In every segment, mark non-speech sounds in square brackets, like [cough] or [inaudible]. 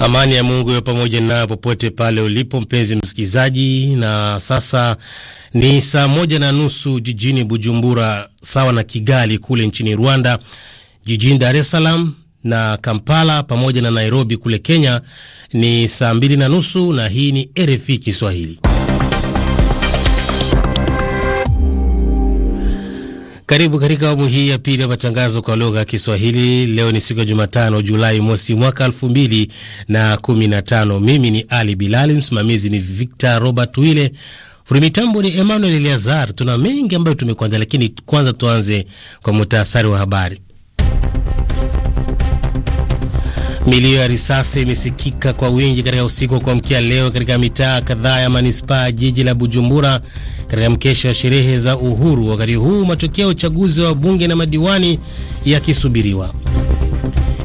Amani ya Mungu iwe pamoja nayo popote pale ulipo mpenzi msikilizaji. Na sasa ni saa moja na nusu jijini Bujumbura, sawa na Kigali kule nchini Rwanda. Jijini Dar es Salaam na Kampala pamoja na Nairobi kule Kenya ni saa mbili na nusu, na hii ni RFI Kiswahili. Karibu katika awamu hii ya pili ya matangazo kwa lugha ya Kiswahili. Leo ni siku ya Jumatano, Julai mosi mwaka elfu mbili na kumi na tano. Mimi ni Ali Bilali, msimamizi ni Victor Robert Wille, furimitambo ni Emmanuel Eliazar. Tuna mengi ambayo tumekuanza, lakini kwanza tuanze kwa muhtasari wa habari. Milio ya risasi imesikika kwa wingi katika usiku wa kuamkia leo katika mitaa kadhaa ya manispaa jiji la Bujumbura katika mkesha wa sherehe za uhuru, wakati huu matokeo ya uchaguzi wa bunge na madiwani yakisubiriwa.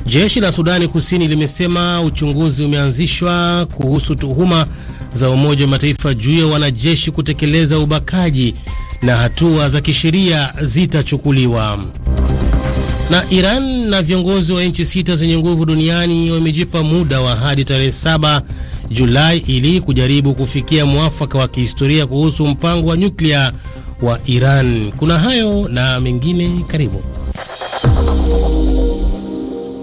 Jeshi la Sudani Kusini limesema uchunguzi umeanzishwa kuhusu tuhuma za Umoja wa Mataifa juu ya wanajeshi kutekeleza ubakaji na hatua za kisheria zitachukuliwa. Na Iran na viongozi wa nchi sita zenye nguvu duniani wamejipa muda wa hadi tarehe saba Julai ili kujaribu kufikia mwafaka wa kihistoria kuhusu mpango wa nyuklia wa Iran. Kuna hayo na mengine, karibu.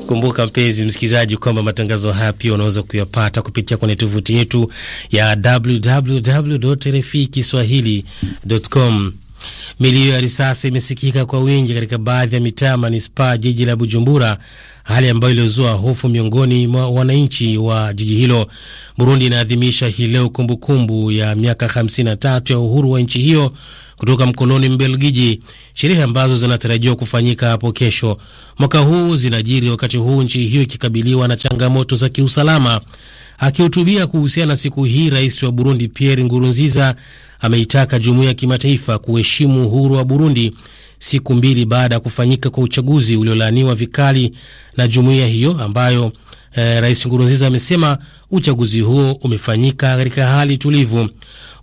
Kumbuka mpenzi msikilizaji, kwamba matangazo haya pia unaweza kuyapata kupitia kwenye tovuti yetu ya www.rfikiswahili.com kiswahili.com. Milio ya risasi imesikika kwa wingi katika baadhi ya mitaa ya manispaa jiji la Bujumbura, hali ambayo iliozua hofu miongoni mwa wananchi wa jiji hilo. Burundi inaadhimisha hii leo kumbukumbu ya miaka 53 ya uhuru wa nchi hiyo kutoka mkoloni Mbelgiji, sherehe ambazo zinatarajiwa kufanyika hapo kesho. Mwaka huu zinajiri wakati huu nchi hiyo ikikabiliwa na changamoto za kiusalama. Akihutubia kuhusiana na siku hii, rais wa Burundi Pierre Ngurunziza ameitaka jumuiya ya kimataifa kuheshimu uhuru wa Burundi siku mbili baada ya kufanyika kwa uchaguzi uliolaaniwa vikali na jumuiya hiyo ambayo eh, Rais Nkurunziza amesema uchaguzi huo umefanyika katika hali tulivu.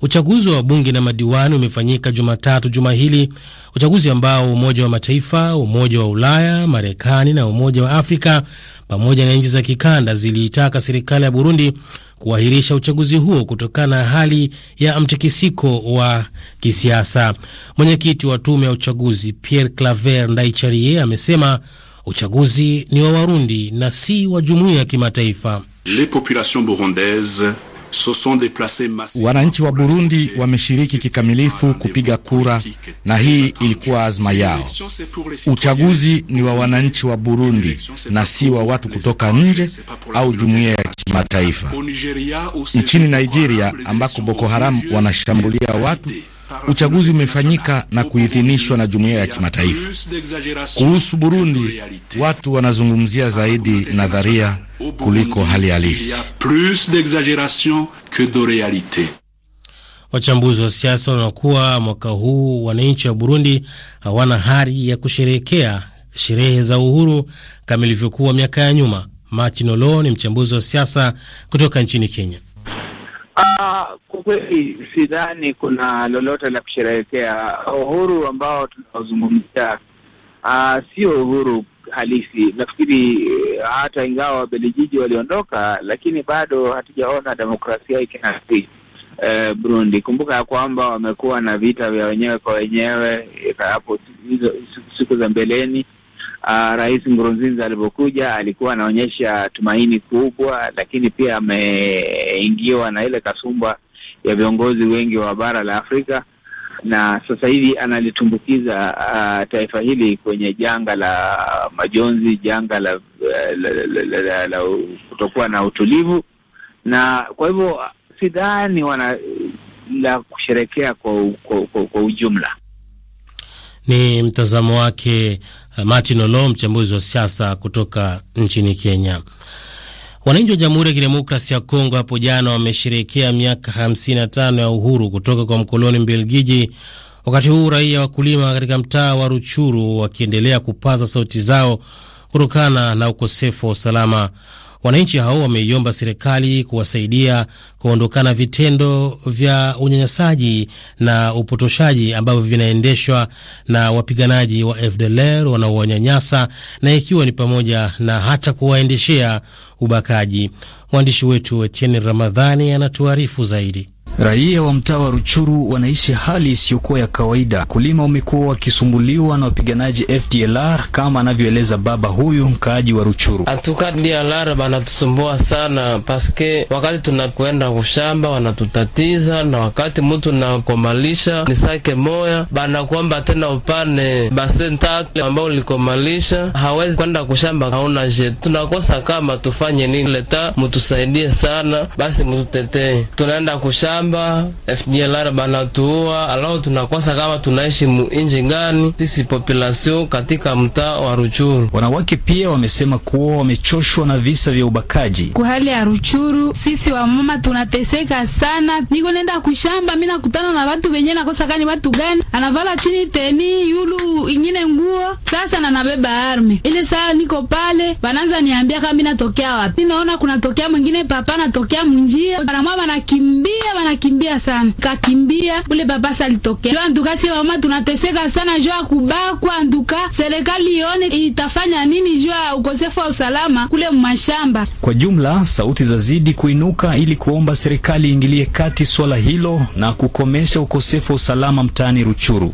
Uchaguzi wa bunge na madiwani umefanyika Jumatatu juma hili, uchaguzi ambao Umoja wa Mataifa, Umoja wa Ulaya, Marekani na Umoja wa Afrika pamoja na nchi za kikanda ziliitaka serikali ya Burundi kuahirisha uchaguzi huo kutokana na hali ya mtikisiko wa kisiasa. Mwenyekiti wa tume ya uchaguzi Pierre Claver Ndaicharie amesema Uchaguzi ni wa Warundi na si wa jumuiya ya kimataifa. Wananchi wa Burundi wameshiriki kikamilifu kupiga kura na hii ilikuwa azma yao. Uchaguzi ni wa wananchi wa Burundi na si wa watu kutoka nje au jumuiya ya kimataifa. Nchini Nigeria ambako Boko Haram wanashambulia watu uchaguzi umefanyika na kuidhinishwa na jumuiya ya kimataifa. Kuhusu Burundi, watu wanazungumzia zaidi nadharia kuliko hali halisi. Wachambuzi wa siasa wanaona kuwa mwaka huu wananchi wa Burundi hawana hari ya kusherehekea sherehe za uhuru kama ilivyokuwa miaka ya nyuma. Martin Olo ni mchambuzi wa siasa kutoka nchini Kenya. Ah, kwa kweli sidhani kuna lolote la kusherehekea. Uhuru ambao tunaozungumzia ah, sio uhuru halisi. Nafikiri eh, hata ingawa wabelijiji waliondoka, lakini bado hatujaona demokrasia ikinasi eh, Burundi. Kumbuka ya kwamba wamekuwa na vita vya wenyewe kwa wenyewe eh, hapo siku za mbeleni uh, Rais Nkurunziza alipokuja alikuwa anaonyesha tumaini kubwa, lakini pia ameingiwa na ile kasumba ya viongozi wengi wa bara la Afrika na sasa hivi analitumbukiza uh, taifa hili kwenye janga la majonzi, janga la, la, la, la, la, la, la kutokuwa na utulivu, na kwa hivyo sidhani wana la kusherekea kwa, kwa, kwa, kwa ujumla. Ni mtazamo wake Eh, Martin Olo, mchambuzi wa siasa kutoka nchini Kenya. Wananchi wa Jamhuri ya Kidemokrasi ya Kongo hapo jana wamesherehekea miaka 55 ya uhuru kutoka kwa mkoloni Mbelgiji, wakati huu raia wakulima katika mtaa wa Ruchuru wakiendelea kupaza sauti zao kutokana na ukosefu wa usalama Wananchi hao wameiomba serikali kuwasaidia kuondokana vitendo vya unyanyasaji na upotoshaji ambavyo vinaendeshwa na wapiganaji wa FDLR wanaowanyanyasa na ikiwa ni pamoja na hata kuwaendeshea ubakaji. Mwandishi wetu Etienne Ramadhani anatuarifu zaidi. Raia wa mtaa wa Ruchuru wanaishi hali isiyokuwa ya kawaida. Kulima umekuwa wakisumbuliwa na wapiganaji FDLR kama anavyoeleza baba huyu mkaaji wa Ruchuru. Atuka FDLR banatusumbua sana paske wakati tunakwenda kushamba wanatutatiza, na wakati mutu nakomalisha ni sake moya banakuomba tena upane base tatu ambao ulikomalisha hawezi kwenda kushamba, hauna je, tunakosa kama tufanye nini? Leta mutusaidie sana basi, mututetee, tunaenda kushamba kwamba FDLR banatuua, alao tunakosa kama tunaishi muinji gani sisi population katika mtaa wa Ruchuru. Wanawake pia wamesema kuwa wamechoshwa na visa vya ubakaji kwa hali ya Ruchuru. Sisi wamama tunateseka sana, niko nenda kushamba, mimi nakutana na watu wenyewe, nakosa gani, watu gani anavala chini teni yulu ingine nguo sasa, na nabeba arme ile saa niko pale, wanaanza niambia kama mimi natokea wapi, naona kuna tokea mwingine papa natokea mnjia, mara mama nakimbia wana kakimbia sana, kakimbia ule babasa alitokea jo. Anduka si mama tunateseka sana jo ya kubakwa. Anduka serikali ione itafanya nini jo ya ukosefu wa usalama kule mashamba. Kwa jumla, sauti za zidi kuinuka ili kuomba serikali iingilie kati swala hilo na kukomesha ukosefu wa usalama mtaani Ruchuru.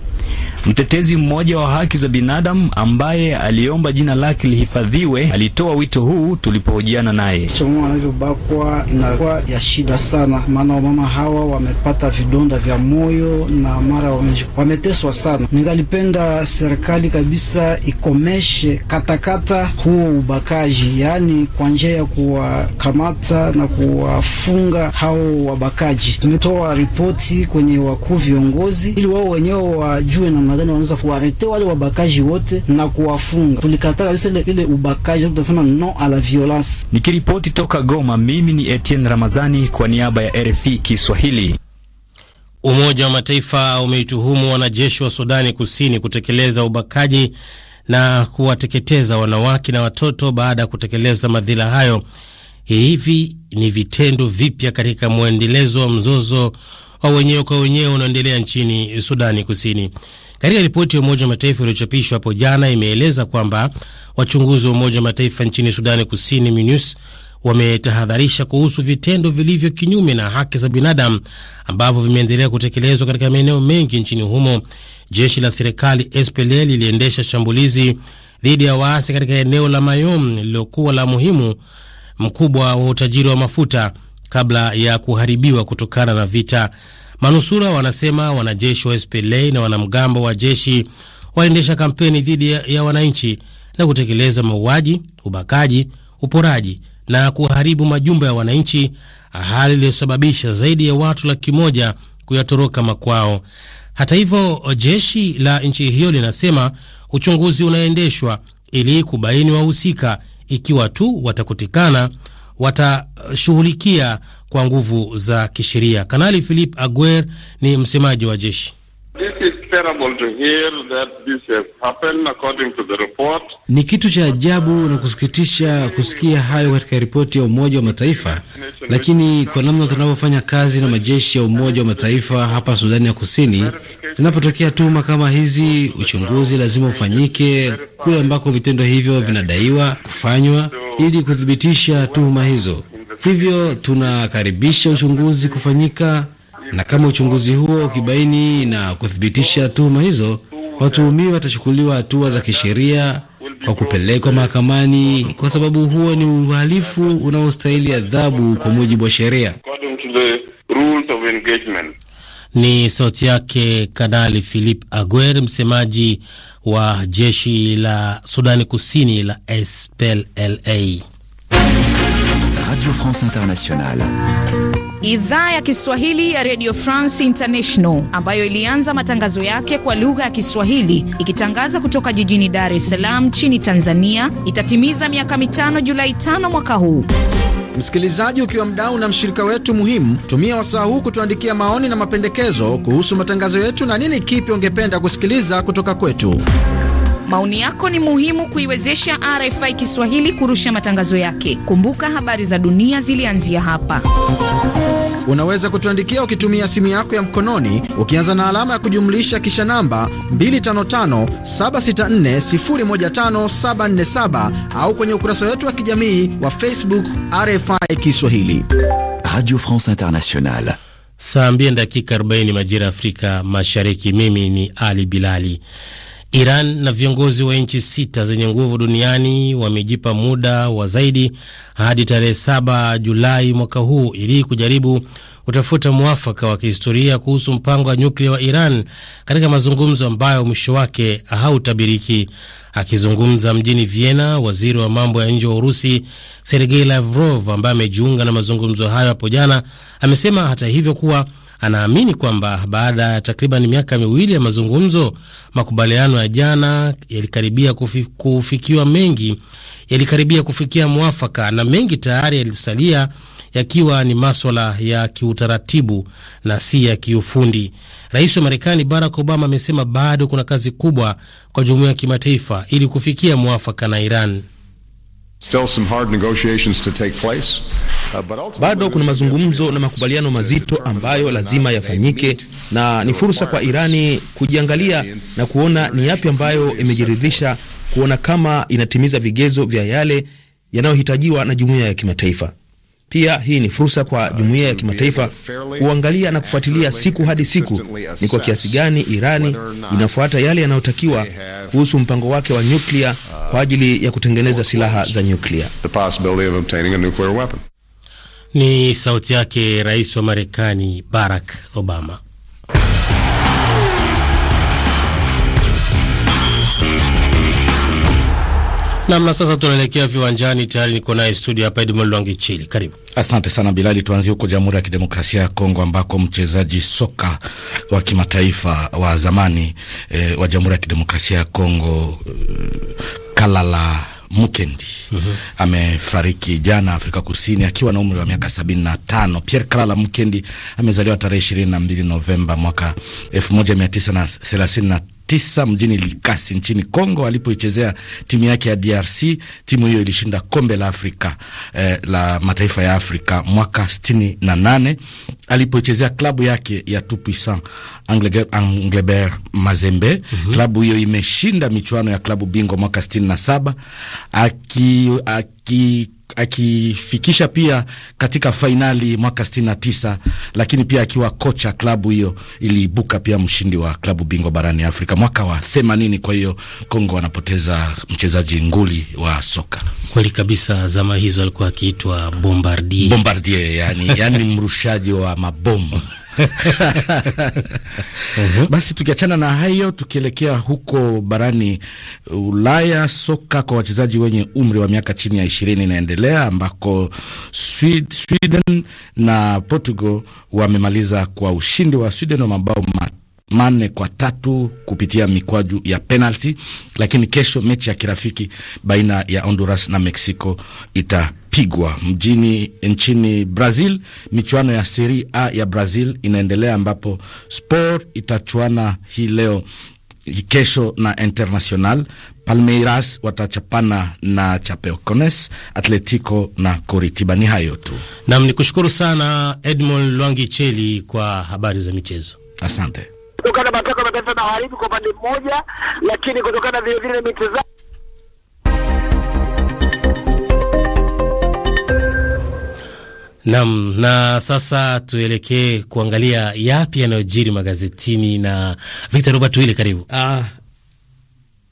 Mtetezi mmoja wa haki za binadamu ambaye aliomba jina lake lihifadhiwe alitoa wito huu tulipohojiana naye. Somo wanavyobakwa inakuwa ya shida sana, maana wamama hawa wamepata vidonda vya moyo na mara wameteswa sana. Ningalipenda serikali kabisa ikomeshe katakata huo ubakaji, yaani kwa njia ya kuwakamata na kuwafunga hao wabakaji. Tumetoa ripoti kwenye wakuu viongozi ili wao wenyewe wajue namna namna gani wanaweza kuarete wale wabakaji wote na kuwafunga. Tulikataa kabisa ile ile ubakaji, tunasema no a la violence. Nikiripoti toka Goma, mimi ni Etienne Ramazani kwa niaba ya RFI Kiswahili. Umoja wa Mataifa umeituhumu wanajeshi wa Sudani Kusini kutekeleza ubakaji na kuwateketeza wanawake na watoto baada ya kutekeleza madhila hayo. Hivi ni vitendo vipya katika mwendelezo wa mzozo wa wenyewe kwa wenyewe unaoendelea nchini Sudani Kusini. Katika ripoti ya Umoja wa Mataifa iliyochapishwa hapo jana, imeeleza kwamba wachunguzi wa Umoja wa Mataifa nchini Sudani Kusini, MINUS, wametahadharisha kuhusu vitendo vilivyo kinyume na haki za binadamu ambavyo vimeendelea kutekelezwa katika maeneo mengi nchini humo. Jeshi la serikali SPLA liliendesha shambulizi dhidi ya waasi katika eneo la Mayom lililokuwa la muhimu mkubwa wa utajiri wa mafuta kabla ya kuharibiwa kutokana na vita. Manusura wanasema wanajeshi wa SPLA na wanamgambo wa jeshi waendesha kampeni dhidi ya, ya wananchi na kutekeleza mauaji, ubakaji, uporaji na kuharibu majumba ya wananchi, hali iliyosababisha zaidi ya watu laki moja kuyatoroka makwao. Hata hivyo, jeshi la nchi hiyo linasema uchunguzi unaendeshwa ili kubaini wahusika. Ikiwa tu watakutikana, watashughulikia kwa nguvu za kisheria. Kanali Philip Aguer ni msemaji wa jeshi. Ni kitu cha ajabu na kusikitisha kusikia hayo katika ripoti ya Umoja wa Mataifa, lakini kwa namna tunavyofanya kazi na majeshi ya Umoja wa Mataifa hapa Sudani ya Kusini, zinapotokea tuhuma kama hizi, uchunguzi lazima ufanyike kule ambako vitendo hivyo vinadaiwa kufanywa ili kuthibitisha tuhuma hizo. Hivyo tunakaribisha uchunguzi kufanyika, na kama uchunguzi huo ukibaini na kuthibitisha tuhuma hizo, watuhumiwa watachukuliwa hatua za kisheria kwa kupelekwa mahakamani, kwa sababu huo ni uhalifu unaostahili adhabu kwa mujibu wa sheria. Ni sauti yake Kanali Philip Aguer, msemaji wa jeshi la Sudani Kusini la SPLA. Radio France Internationale. Idhaa ya Kiswahili ya Radio France International ambayo ilianza matangazo yake kwa lugha ya Kiswahili ikitangaza kutoka jijini Dar es Salaam nchini Tanzania itatimiza miaka mitano Julai tano mwaka huu. Msikilizaji, ukiwa mdau na mshirika wetu muhimu, tumia wasaa huu kutuandikia maoni na mapendekezo kuhusu matangazo yetu na nini kipi ungependa kusikiliza kutoka kwetu. Maoni yako ni muhimu kuiwezesha RFI Kiswahili kurusha matangazo yake. Kumbuka habari za dunia zilianzia hapa. Unaweza kutuandikia ukitumia simu yako ya mkononi ukianza na alama ya kujumlisha kisha namba 255764015747 au kwenye ukurasa wetu wa kijamii wa Facebook RFI Kiswahili. Radio France Internationale. Saa mbili dakika 40 majira Afrika Mashariki. Mimi ni Ali Bilali. Iran na viongozi wa nchi sita zenye nguvu duniani wamejipa muda wa zaidi hadi tarehe saba Julai mwaka huu ili kujaribu kutafuta mwafaka wa kihistoria kuhusu mpango wa nyuklia wa Iran katika mazungumzo ambayo mwisho wake hautabiriki. Akizungumza mjini Vienna, waziri wa mambo ya nje wa Urusi Sergei Lavrov ambaye amejiunga na mazungumzo hayo hapo jana amesema hata hivyo kuwa anaamini kwamba baada ya takriban miaka miwili ya mazungumzo, makubaliano ya jana yalikaribia kufi, kufikiwa mengi yalikaribia kufikia mwafaka na mengi tayari yalisalia yakiwa ni maswala ya kiutaratibu na si ya kiufundi. Rais wa Marekani Barack Obama amesema bado kuna kazi kubwa kwa jumuiya ya kimataifa ili kufikia mwafaka na Iran. Uh, Bado kuna mazungumzo na makubaliano mazito ambayo lazima yafanyike, na ni fursa kwa Irani kujiangalia na kuona ni yapi ambayo imejiridhisha, kuona kama inatimiza vigezo vya yale yanayohitajiwa na jumuiya ya kimataifa. Pia hii ni fursa kwa uh, jumuiya ya kimataifa kuangalia na kufuatilia siku hadi siku ni kwa kiasi gani Irani inafuata yale yanayotakiwa kuhusu mpango wake wa nyuklia uh, kwa ajili ya kutengeneza silaha za nyuklia. Ni sauti yake Rais wa Marekani Barack Obama. Namna sasa tunaelekea viwanjani, tayari niko naye studio hapa Edmond Lwangichili, karibu. Asante sana Bilali, tuanzie huko Jamhuri ya Kidemokrasia ya Kongo ambako mchezaji soka wa kimataifa wa zamani eh, wa Jamhuri ya Kidemokrasia ya Kongo eh, Kalala Mukendi mm -hmm. amefariki jana Afrika Kusini akiwa na umri wa miaka sabini na tano. Pierre Kalala Mukendi amezaliwa tarehe ishirini na mbili Novemba mwaka elfu moja mia tisa na thelathini na tisa mjini Likasi nchini congo alipoichezea timu yake ya DRC. Timu hiyo ilishinda kombe la Afrika eh, la mataifa ya Afrika mwaka sitini na nane alipoichezea klabu yake ya Tupuisan Anglebert Mazembe. mm -hmm. Klabu hiyo imeshinda michuano ya klabu bingwa mwaka sitini na saba aki, aki akifikisha pia katika fainali mwaka 69, lakini pia akiwa kocha klabu hiyo iliibuka pia mshindi wa klabu bingwa barani Afrika mwaka wa 80. Kwa hiyo Kongo wanapoteza mchezaji nguli wa soka kweli kabisa. Zama hizo alikuwa akiitwa Bombardier, Bombardier yani, yani mrushaji wa mabomu Mhm. Basi tukiachana na hayo, tukielekea huko barani Ulaya, soka kwa wachezaji wenye umri wa miaka chini ya ishirini inaendelea ambako Sweden na Portugal wamemaliza kwa ushindi wa Sweden wa mabao manne kwa tatu kupitia mikwaju ya penalti, lakini kesho mechi ya kirafiki baina ya Honduras na Mexico ita pigwa mjini nchini Brazil. Michuano ya Serie A ya Brazil inaendelea ambapo Sport itachuana hii leo kesho na Internacional. Palmeiras watachapana na Chapecoense, Atletico na Coritiba. Ni hayo tu nam, ni kushukuru sana Edmond Lwangicheli kwa habari za michezo, asante kutokana na matakwa ya mataifa magharibi kwa upande mmoja, lakini kutokana vile vile na mitazamo Nam, na sasa tuelekee kuangalia yapi yanayojiri magazetini na Victor Robert Wile, karibu. Ah,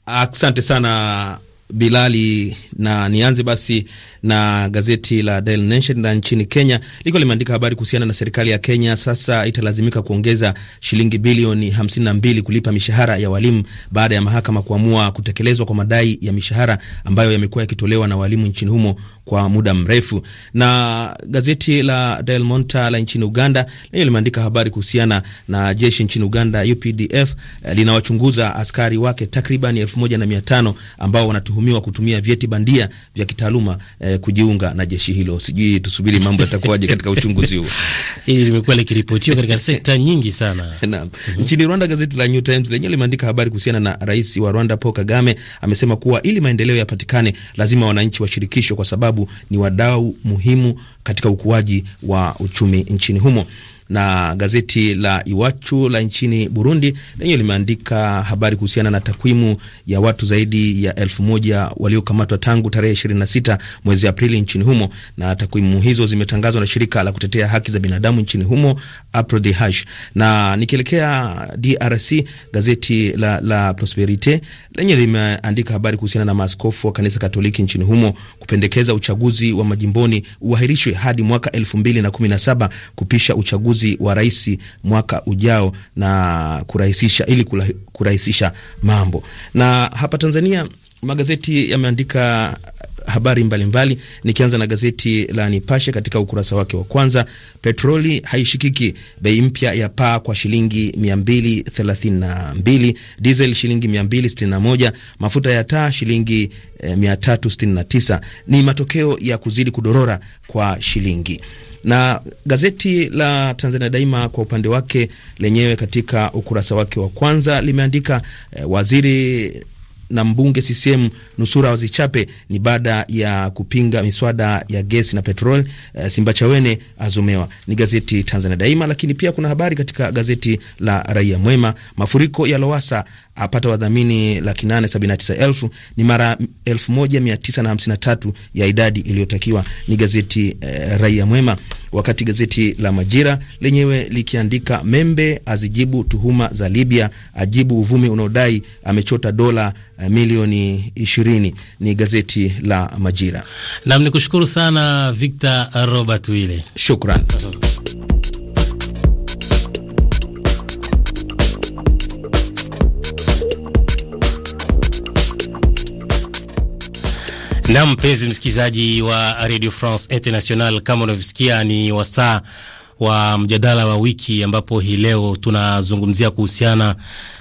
uh, sana Bilali, na nianze basi na gazeti la Daily Nation la nchini Kenya liko limeandika habari kuhusiana na serikali ya Kenya sasa italazimika kuongeza shilingi bilioni 52 kulipa mishahara ya walimu baada ya mahakama kuamua kutekelezwa kwa madai ya mishahara ambayo yamekuwa yakitolewa na walimu nchini humo kwa muda mrefu. Na gazeti la Daily Monitor la nchini Uganda lenye limeandika habari kuhusiana na jeshi nchini Uganda UPDF eh, linawachunguza askari wake takriban 1500 ambao wanatuhumiwa kutumia vyeti bandia vya kitaaluma eh, eh, kujiunga na jeshi hilo. Sijui tusubiri mambo yatakuwaje katika uchunguzi huo. [laughs] Hili limekuwa likiripotiwa katika sekta nyingi sana. [laughs] Naam. Mm -hmm. Nchini Rwanda gazeti la New Times lenyewe limeandika habari kuhusiana na rais wa Rwanda Paul Kagame amesema kuwa ili maendeleo yapatikane lazima wananchi washirikishwe kwa sababu ni wadau muhimu katika ukuaji wa uchumi nchini humo na gazeti la Iwachu la nchini Burundi lenyewe limeandika habari kuhusiana na takwimu ya watu zaidi ya elfu moja waliokamatwa tangu tarehe 26 mwezi Aprili nchini humo, na takwimu hizo zimetangazwa na shirika la kutetea haki za binadamu nchini humo APRODH. Na nikielekea DRC, gazeti la, la Prosperite lenyewe limeandika habari kuhusiana na maaskofu wa kanisa Katoliki nchini humo kupendekeza uchaguzi wa majimboni uahirishwe hadi mwaka 2017 kupisha uchaguzi uchaguzi wa rais mwaka ujao na kurahisisha ili kurahisisha mambo. Na hapa Tanzania magazeti yameandika habari mbalimbali mbali. Nikianza na gazeti la Nipashe katika ukurasa wake wa kwanza, petroli haishikiki, bei mpya ya paa kwa shilingi 232, diesel shilingi 261, mafuta ya taa shilingi eh, 369. Ni matokeo ya kuzidi kudorora kwa shilingi na gazeti la Tanzania Daima kwa upande wake lenyewe katika ukurasa wake wa kwanza limeandika eh, waziri na mbunge CCM Nusura Wazichape ni baada ya kupinga miswada ya gesi na petrol. Uh, eh, Simbachawene azomewa. Ni gazeti Tanzania Daima, lakini pia kuna habari katika gazeti la Raia Mwema. Mafuriko ya lowasa apata wadhamini laki nane sabini na tisa elfu ni mara elfu moja mia tisa na hamsini na tatu ya idadi iliyotakiwa. Ni gazeti uh, Raia Mwema wakati gazeti la Majira lenyewe likiandika Membe azijibu tuhuma za Libya, ajibu uvumi unaodai amechota dola eh, milioni 20. Ni gazeti la Majira. Nam ni kushukuru sana Victor Robert Wile, shukran. Na mpenzi msikilizaji wa Radio France International, kama unavyosikia ni wasaa wa mjadala wa wiki ambapo hii leo tunazungumzia kuhusiana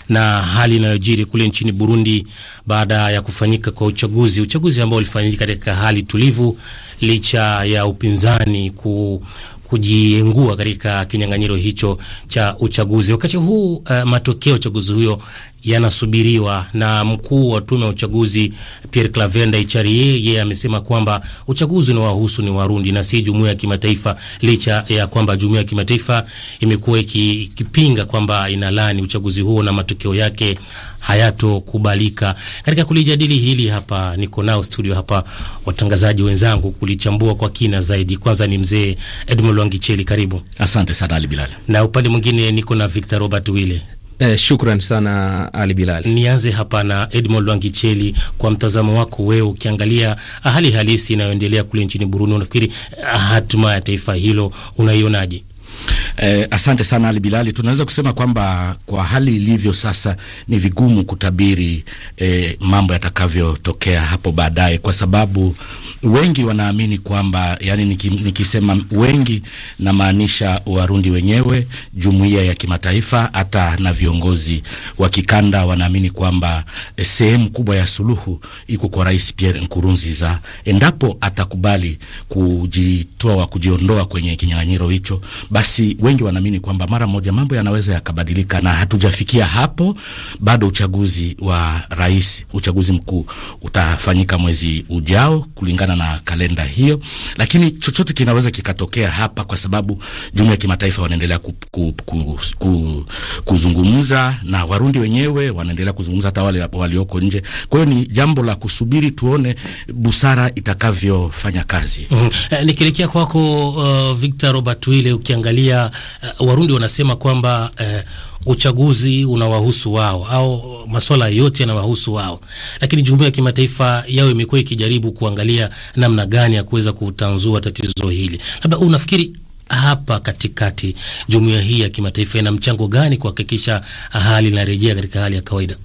na hali inayojiri kule nchini Burundi baada ya kufanyika kwa uchaguzi, uchaguzi ambao ulifanyika katika hali tulivu licha ya upinzani ku kujiengua katika kinyang'anyiro hicho cha uchaguzi. Wakati huu uh, matokeo ya uchaguzi huyo yanasubiriwa na mkuu wa tume ya uchaguzi Pierre Claver Ndayicariye. Yeye amesema kwamba uchaguzi unawahusu ni Warundi na si jumuiya ya kimataifa, licha ya kwamba jumuiya ya kimataifa imekuwa ikipinga kwamba inalani uchaguzi huo na matokeo yake hayatokubalika. Katika kulijadili hili hapa, niko nao studio hapa watangazaji wenzangu kulichambua kwa kina zaidi, kwanza ni mzee Edmond Wangicheli, karibu. Asante sana Ali Bilal, na upande mwingine niko na Victor Robert Wile. Eh, shukran sana Ali Bilali. Nianze hapa na Edmond Wangicheli, kwa mtazamo wako wewe, ukiangalia hali halisi inayoendelea kule nchini Burundi, unafikiri eh, hatima ya taifa hilo unaionaje? Eh, asante sana Ali Bilali. Tunaweza kusema kwamba kwa hali ilivyo sasa ni vigumu kutabiri eh, mambo yatakavyotokea hapo baadaye, kwa sababu wengi wanaamini kwamba yani, niki, nikisema wengi namaanisha Warundi wenyewe, jumuiya ya kimataifa, hata na viongozi wa kikanda wanaamini kwamba eh, sehemu kubwa ya suluhu iko kwa Rais Pierre Nkurunziza endapo atakubali kujitoa, kujiondoa kwenye kinyang'anyiro hicho basi wengi wanaamini kwamba mara moja mambo yanaweza yakabadilika, na hatujafikia hapo bado. Uchaguzi wa rais, uchaguzi mkuu utafanyika mwezi ujao kulingana na kalenda hiyo, lakini chochote kinaweza kikatokea hapa, kwa sababu jumuiya ya kimataifa wanaendelea ku, ku, ku, ku, kuzungumza na Warundi wenyewe wanaendelea kuzungumza, hata wale walioko nje. Kwa hiyo ni jambo la kusubiri tuone busara itakavyofanya kazi. Mm -hmm. Eh, nikielekea kwako, uh, Victor Robert Wile, ukiangalia uh, Warundi wanasema kwamba uh, uchaguzi unawahusu wao au masuala yote yanawahusu wao, lakini jumuiya ya kimataifa yao imekuwa ikijaribu kuangalia namna gani ya kuweza kutanzua tatizo hili. Labda unafikiri hapa katikati, jumuiya hii ya kimataifa ina mchango gani kuhakikisha hali inarejea katika hali ya kawaida?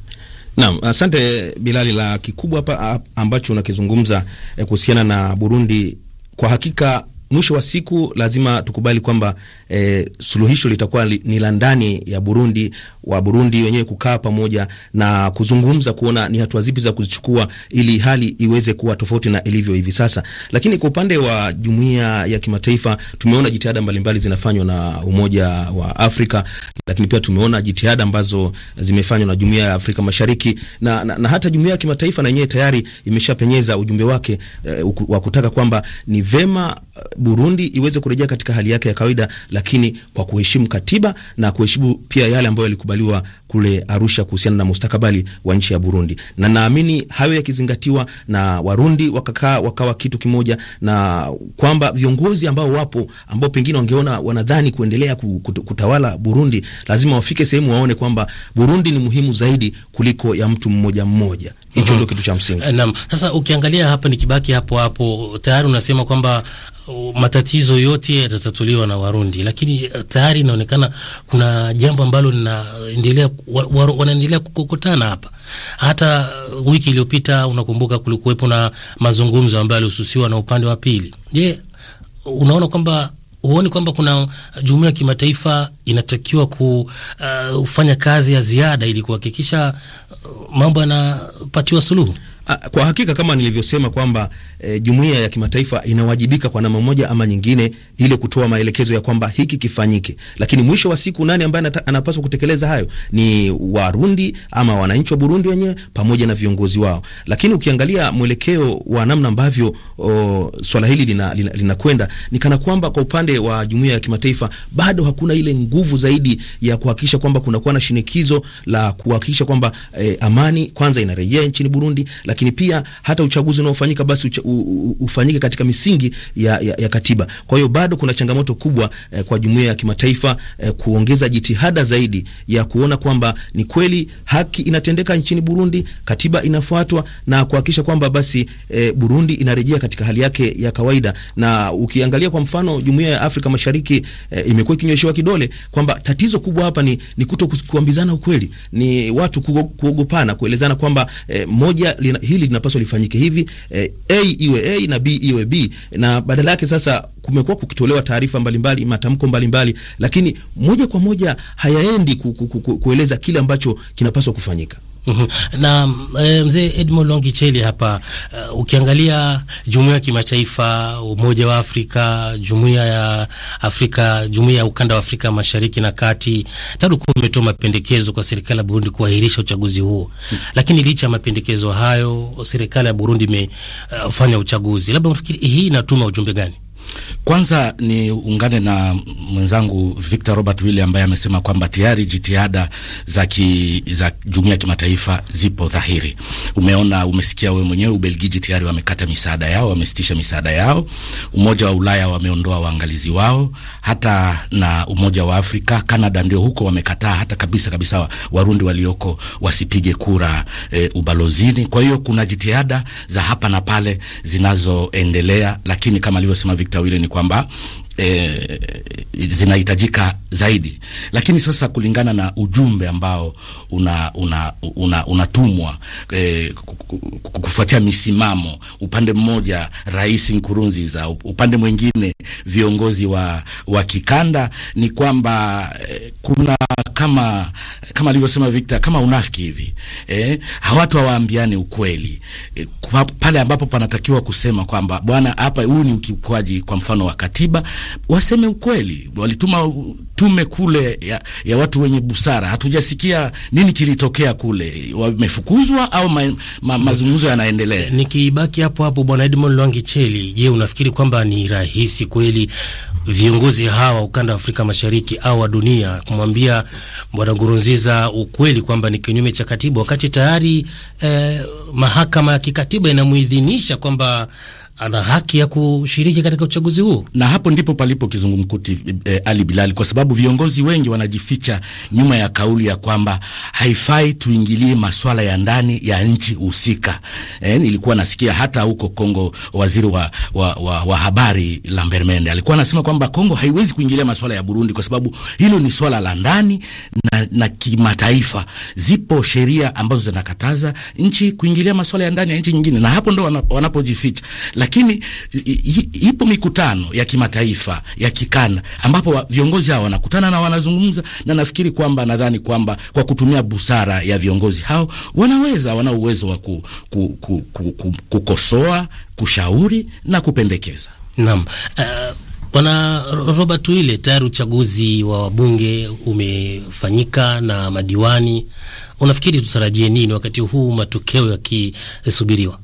Naam, asante Bilali. La kikubwa hapa ah, ambacho unakizungumza eh, kuhusiana na Burundi, kwa hakika mwisho wa siku lazima tukubali kwamba e, suluhisho litakuwa li, ni la ndani ya Burundi, wa Burundi wenyewe kukaa pamoja na kuzungumza kuona ni hatua zipi za kuzichukua ili hali iweze kuwa tofauti na ilivyo hivi sasa. Lakini kwa upande wa jumuiya ya kimataifa tumeona jitihada mbalimbali zinafanywa na Umoja wa Afrika, lakini pia tumeona jitihada ambazo zimefanywa na Jumuiya ya Afrika Mashariki na, na, na hata jumuiya ya kimataifa na yenyewe tayari imeshapenyeza ujumbe wake eh, wa kutaka kwamba ni vema Burundi iweze kurejea katika hali yake ya kawaida, lakini kwa kuheshimu katiba na kuheshimu pia yale ambayo yalikubaliwa kule Arusha kuhusiana na mustakabali wa nchi ya Burundi, na naamini hayo yakizingatiwa na Warundi wakakaa wakawa kitu kimoja, na kwamba viongozi ambao wapo ambao pengine wangeona wanadhani kuendelea kutawala Burundi lazima wafike sehemu waone kwamba Burundi ni muhimu zaidi kuliko ya mtu mmoja mmoja. Hicho mhm. ndio kitu cha msingi. Eh, naam, sasa ukiangalia hapa, nikibaki hapo hapo, tayari unasema kwamba uh, matatizo yote yatatatuliwa na Warundi, lakini eh, tayari inaonekana kuna jambo ambalo linaendelea wanaendelea kukokotana hapa. Hata wiki iliyopita, unakumbuka kulikuwepo na mazungumzo ambayo yalihususiwa na upande wa pili. Je, unaona kwamba huoni kwamba kuna jumuiya ya kimataifa inatakiwa uh, kufanya uh, kazi ya ziada ili kuhakikisha uh, mambo yanapatiwa suluhu? Ah, kwa hakika kama nilivyosema kwamba e, jumuiya ya kimataifa inawajibika kwa namna moja ama nyingine ile kutoa maelekezo ya kwamba hiki kifanyike, lakini mwisho wa siku nani ambaye anapaswa kutekeleza hayo? Ni Warundi ama wananchi wa Burundi wenyewe pamoja na viongozi wao. Lakini ukiangalia mwelekeo wa namna ambavyo swala hili linakwenda lina, lina ni kana kwamba kwa upande wa jumuiya ya kimataifa bado hakuna ile nguvu zaidi ya kuhakikisha kwamba kunakuwa na shinikizo la kuhakikisha kwamba e, amani kwanza inarejea nchini Burundi lakini pia hata uchaguzi unaofanyika basi ucha, u, u, ufanyike katika misingi ya, ya, ya katiba. Kwa hiyo bado kuna changamoto kubwa eh, kwa jumuiya ya kimataifa eh, kuongeza jitihada zaidi ya kuona kwamba ni kweli haki inatendeka nchini Burundi, katiba inafuatwa na kuhakikisha kwamba basi eh, Burundi inarejea katika hali yake ya kawaida. Na ukiangalia kwa mfano jumuiya ya Afrika Mashariki eh, imekuwa ikinyoshewa kidole kwamba tatizo kubwa hapa ni, ni kuto kuambizana ukweli, ni watu kuogopana kuelezana kwamba eh, moja lina, hili linapaswa lifanyike hivi, eh, A iwe A na B iwe B, na badala yake sasa kumekuwa kukitolewa taarifa mbalimbali, matamko mbalimbali, lakini moja kwa moja hayaendi ku, ku, ku, kueleza kile ambacho kinapaswa kufanyika. Mhm. na eh, mzee Edmond Longicheli hapa uh, ukiangalia jumuiya ya kimataifa, Umoja wa Afrika, jumuiya ya Afrika, jumuiya ya ukanda wa Afrika Mashariki na Kati, TADUKU umetoa mapendekezo kwa serikali ya Burundi kuahirisha uchaguzi huo mm. Lakini licha ya mapendekezo hayo, serikali ya Burundi imefanya uh, uchaguzi. Labda unafikiri hii inatuma ujumbe gani? Kwanza ni ungane na mwenzangu Victor Robert Wille ambaye amesema kwamba tayari jitihada za ki, za jumuiya ya kimataifa zipo dhahiri. Umeona, umesikia wewe mwenyewe, Ubelgiji tayari wamekata misaada yao, wamesitisha misaada yao. Umoja wa Ulaya wameondoa waangalizi wao, hata na Umoja wa Afrika, Canada ndio huko wamekataa hata kabisa kabisa Warundi walioko wasipige kura e, ubalozini. Kwa hiyo kuna jitihada za hapa na pale zinazoendelea, lakini kama alivyosema Victor Gawile ni kwamba eh, zinahitajika zaidi. Lakini sasa kulingana na ujumbe ambao unatumwa una, una, una eh, kufuatia misimamo upande mmoja Rais Nkurunziza, upande mwingine viongozi wa, wa kikanda, ni kwamba eh, kuna kama kama alivyosema Victor, kama unafiki hivi eh, hawatu hawaambiani ukweli eh, pale ambapo panatakiwa kusema kwamba bwana, hapa huu ni ukiukwaji kwa mfano wa katiba waseme ukweli. Walituma tume kule ya, ya watu wenye busara. Hatujasikia nini kilitokea kule, wamefukuzwa au ma, ma, mazungumzo yanaendelea. Nikibaki hapo hapo, Bwana Edmond Lwangi je, unafikiri kwamba ni rahisi kweli viongozi hawa ukanda wa Afrika Mashariki au wa dunia kumwambia Bwana Ngurunziza ukweli kwamba ni kinyume cha katiba, wakati tayari eh, mahakama ya kikatiba inamuidhinisha kwamba ana haki ya kushiriki katika uchaguzi huu, na hapo ndipo palipo kizungumkuti e, Ali Bilali, kwa sababu viongozi wengi wanajificha nyuma ya kauli ya kwamba haifai tuingilie maswala ya ndani ya nchi husika. E, nilikuwa nasikia hata huko Kongo waziri wa, wa, wa, wa habari Lambert Mende alikuwa anasema kwamba Kongo haiwezi kuingilia maswala ya Burundi kwa sababu hilo ni swala la ndani na, na kimataifa. Zipo sheria ambazo zinakataza nchi kuingilia maswala ya ndani ya nchi nyingine, na hapo ndo wanapojificha wanapo lakini ipo mikutano ya kimataifa ya kikanda ambapo viongozi hao wanakutana na wanazungumza, na nafikiri kwamba nadhani kwamba kwa kutumia busara ya viongozi hao wanaweza, wana uwezo wa ku, ku, ku, ku, ku, kukosoa, kushauri na kupendekeza. Naam. Uh... Bwana Robert Wile, tayari uchaguzi wa wabunge umefanyika na madiwani. Unafikiri tutarajie nini wakati huu matokeo yakisubiriwa?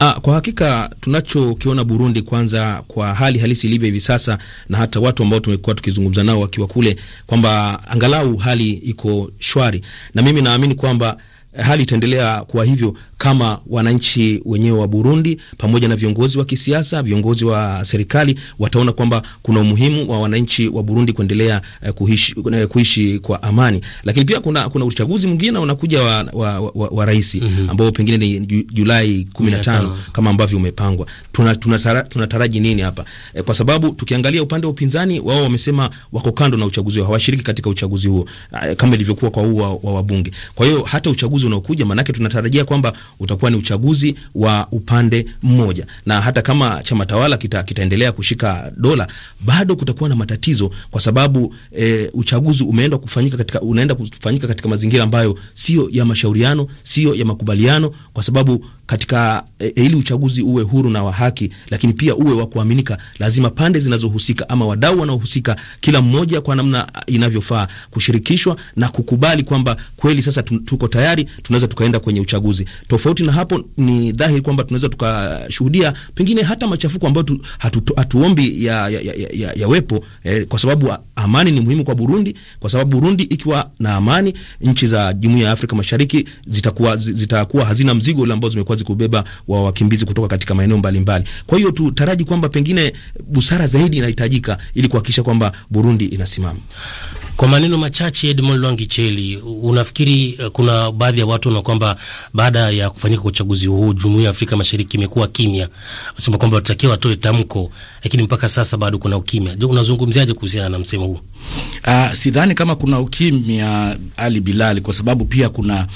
Ah, kwa hakika tunachokiona Burundi kwanza, kwa hali halisi ilivyo hivi sasa, na hata watu ambao tumekuwa tukizungumza nao wakiwa kule, kwamba angalau hali iko shwari, na mimi naamini kwamba hali itaendelea kuwa hivyo kama wananchi wenyewe wa Burundi pamoja na viongozi wa kisiasa, viongozi wa serikali wataona kwamba kuna umuhimu wa wananchi wa Burundi kuendelea eh, kuishi, eh, kuishi kwa amani. Lakini pia kuna, kuna uchaguzi mwingine unakuja wa, wa, wa, wa rais mm -hmm. ambao pengine ni Julai 15 na kama ambavyo umepangwa. Tunataraji tuna tara, tuna nini hapa eh, kwa sababu tukiangalia upande wa upinzani wao wamesema wako kando na uchaguzi huo, hawashiriki katika uchaguzi huo eh, kama ilivyokuwa kwa huu wa wabunge. Kwa hiyo hata uchaguzi unaokuja, maanake tunatarajia kwamba utakuwa ni uchaguzi wa upande mmoja, na hata kama chama tawala kita, kitaendelea kushika dola bado kutakuwa na matatizo kwa sababu e, uchaguzi umeenda kufanyika katika, unaenda kufanyika katika mazingira ambayo sio ya mashauriano, sio ya makubaliano, kwa sababu katika e, ili uchaguzi uwe huru na wa haki, lakini pia uwe wa kuaminika, lazima pande zinazohusika ama wadau wanaohusika, kila mmoja kwa namna ah, inavyofaa kushirikishwa na kukubali kwamba kweli sasa tuko tayari, tunaweza tukaenda kwenye uchaguzi. Tofauti na hapo, ni dhahiri kwamba tunaweza tukashuhudia pengine hata machafuko ambayo hatu, hatuombi ya, ya, ya, ya, yawepo eh, kwa sababu ah, amani ni muhimu kwa Burundi, kwa sababu Burundi ikiwa na amani, nchi za Jumuiya ya Afrika Mashariki zitakuwa zitakuwa hazina mzigo ule ambao zimekuwa zinazokuwa zikubeba wa wakimbizi kutoka katika maeneo mbalimbali. Kwa hiyo tutaraji kwamba pengine busara zaidi inahitajika ili kuhakikisha kwamba Burundi inasimama. Kwa maneno machache, Edmond Longicheli, unafikiri eh, kuna baadhi ya watu na kwamba baada ya kufanyika kwa uchaguzi huu Jumuiya ya Afrika Mashariki imekuwa kimya, sema kwamba watakiwa watoe tamko, lakini mpaka sasa bado kuna ukimya. unazungumziaje kuhusiana na msemo huu? Uh, sidhani kama kuna ukimya Ali Bilali, kwa sababu pia kuna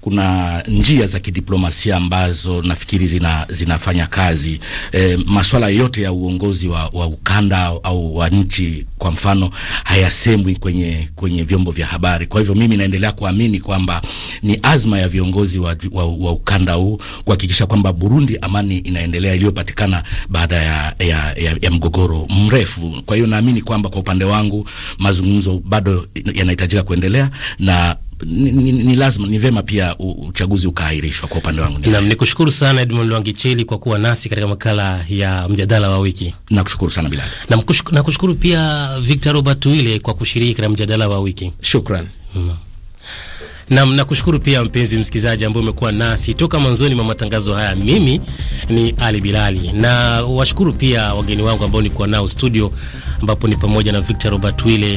kuna njia za kidiplomasia ambazo nafikiri zina, zinafanya kazi e, maswala yote ya uongozi wa, wa ukanda au wa nchi kwa mfano hayasemwi kwenye, kwenye vyombo vya habari. Kwa hivyo mimi naendelea kuamini kwamba ni azma ya viongozi wa, wa, wa ukanda huu kuhakikisha kwamba Burundi amani inaendelea iliyopatikana baada ya, ya, ya, ya mgogoro mrefu. Kwa hiyo naamini kwamba kwa upande wangu mazungumzo bado yanahitajika kuendelea na ni, ni, ni lazima ni vema pia uchaguzi ukaahirishwa. Kwa upande wangu nam, nikushukuru sana Edmond Lwangicheli kwa kuwa nasi katika makala ya mjadala wa wiki. Nakushukuru sana Bilal, nakushukuru na pia Victor Robert Wile kwa kushiriki katika mjadala wa wiki. Shukran Mm. Nam, nakushukuru pia mpenzi msikilizaji ambaye umekuwa nasi toka mwanzoni mwa matangazo haya. Mimi ni Ali Bilali na washukuru pia wageni wangu ambao nilikuwa nao studio, ambapo ni pamoja na Victor Robert Wile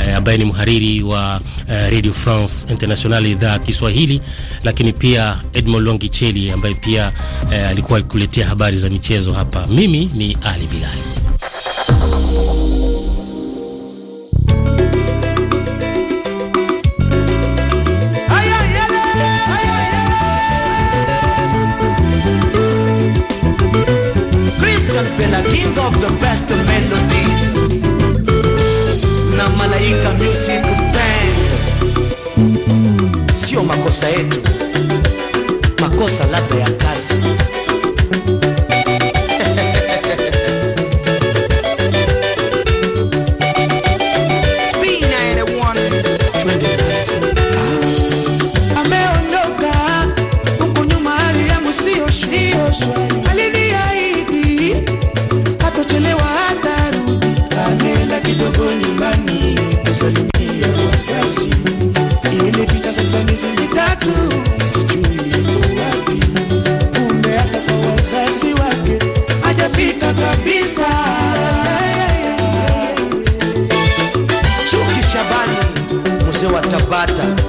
eh, ambaye ni mhariri wa eh, Radio France International idhaa Kiswahili, lakini pia Edmond Longicheli ambaye pia eh, alikuwa alikuletea habari za michezo hapa. Mimi ni Ali Bilali. king of the best melodies na Malaika Music Band. Sio makosa yetu, makosa labda ya kazi Miaka miezi mitatu sijui yuko wapi, kumbe hata kwa kabisa. Chuki Shabani, wa Tabata